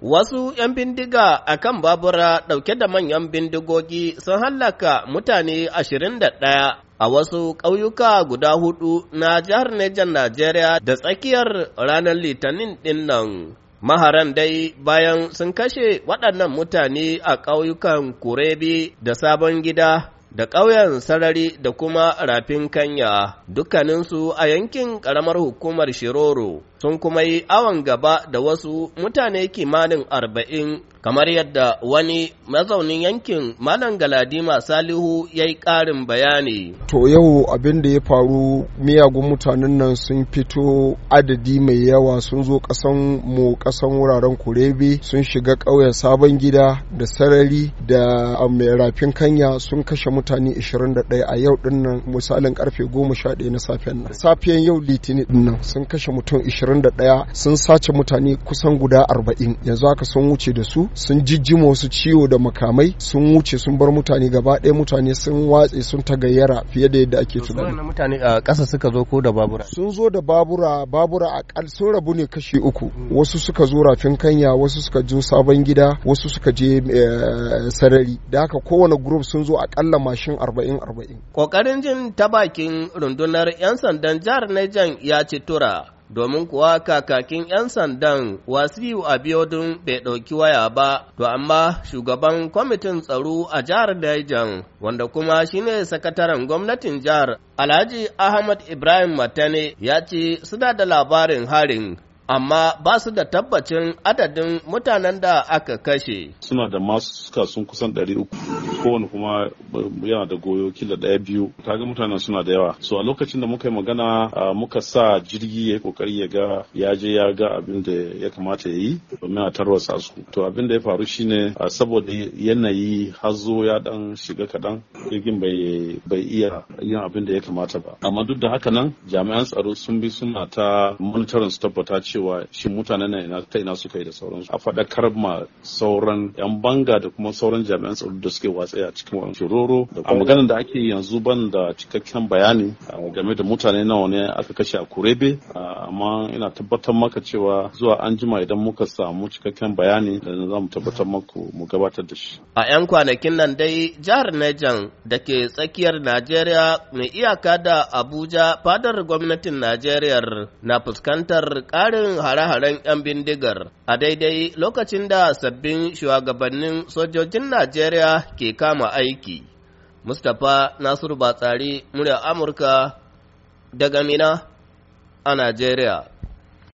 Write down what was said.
Wasu ‘yan bindiga a kan babura ɗauke da manyan bindigogi sun hallaka mutane ashirin da ɗaya a wasu ƙauyuka guda hudu na jihar Nejan Najeriya da tsakiyar ranar Litinin ɗin nan. Maharan dai bayan sun kashe waɗannan mutane a ƙauyukan Kurebi da Sabon Gida da ƙauyen Sarari da kuma Rafin Kanya, dukkaninsu a yankin ƙaramar hukumar Shiroro. sun kuma yi awon gaba da wasu mutane kimanin arba'in kamar yadda wani mazaunin yankin malam galadima salihu ya yi ƙarin bayani to yau abin da ya faru miyagun mutanen nan sun fito adadi mai yawa sun zo ƙasan mu ƙasan wuraren kurebe sun shiga ƙauyen sabon gida da sarari da um, mai rafin kanya sun kashe mutane 21 a yau dinnan misalin karfe 11 na safiyan nan safiyan yau litinin dinnan sun kashe mutum 21 21 sun sace mutane kusan guda 40 yanzu haka sun wuce da su sun jijjima wasu ciwo da makamai sun wuce sun bar mutane gaba ɗaya mutane sun watse sun tagayyara fiye da yadda ake tunani mutane a ƙasa suka zo ko da babura sun zo da babura babura a sun rabu ne kashi uku wasu suka zo rafin kanya wasu suka zo sabon gida wasu suka je eh, sarari da haka kowane group sun zo ƙalla mashin 40-40 kokarin jin ta bakin rundunar 'yan sandan jihar Niger ya ci tura domin kuwa kakakin 'yan sandan wasiyu a biyodun bai ɗauki waya ba, to amma shugaban kwamitin tsaro a jihar Daijan, wanda kuma shine sakataren gwamnatin jihar Alhaji Ahmad Ibrahim Matane ya ce suna da labarin harin amma ba su da tabbacin adadin mutanen da aka kashe. Suna da masu sun kusan 300 kowane kuma yana da goyo kila ɗaya biyu. Ta Kaga mutanen suna da yawa. So a lokacin da muka yi magana muka sa jirgi ya yi kokari ya ga ya je ya ga abin da ya kamata ya yi domin a tarwasa su. To abin da ya faru shine saboda yanayi hazo ya dan shiga kaɗan jirgin bai iya yin abin da ya kamata ba. Amma duk da haka nan jami'an tsaro sun bi suna ta monitoring su tabbata cewa cewa shi mutanen nan ta ina suka yi da sauransu a faɗakar ma sauran yan banga da kuma sauran jami'an tsaro da suke watsa a cikin wani shiroro a maganar da ake yanzu ban da cikakken bayani game da mutane nawa ne aka kashe a kurebe amma ina tabbatar maka cewa zuwa an jima idan muka samu cikakken bayani da za mu tabbatar maku mu gabatar da shi a 'yan kwanakin nan dai jihar Nejan da ke tsakiyar Najeriya mai iyaka da Abuja fadar gwamnatin Najeriya na fuskantar ƙarin irin hare-haren 'yan bindigar a daidai lokacin da sabbin shugabannin sojojin Najeriya ke kama aiki. Mustapha Nasiru Batsari, murya Amurka daga Mina a Najeriya.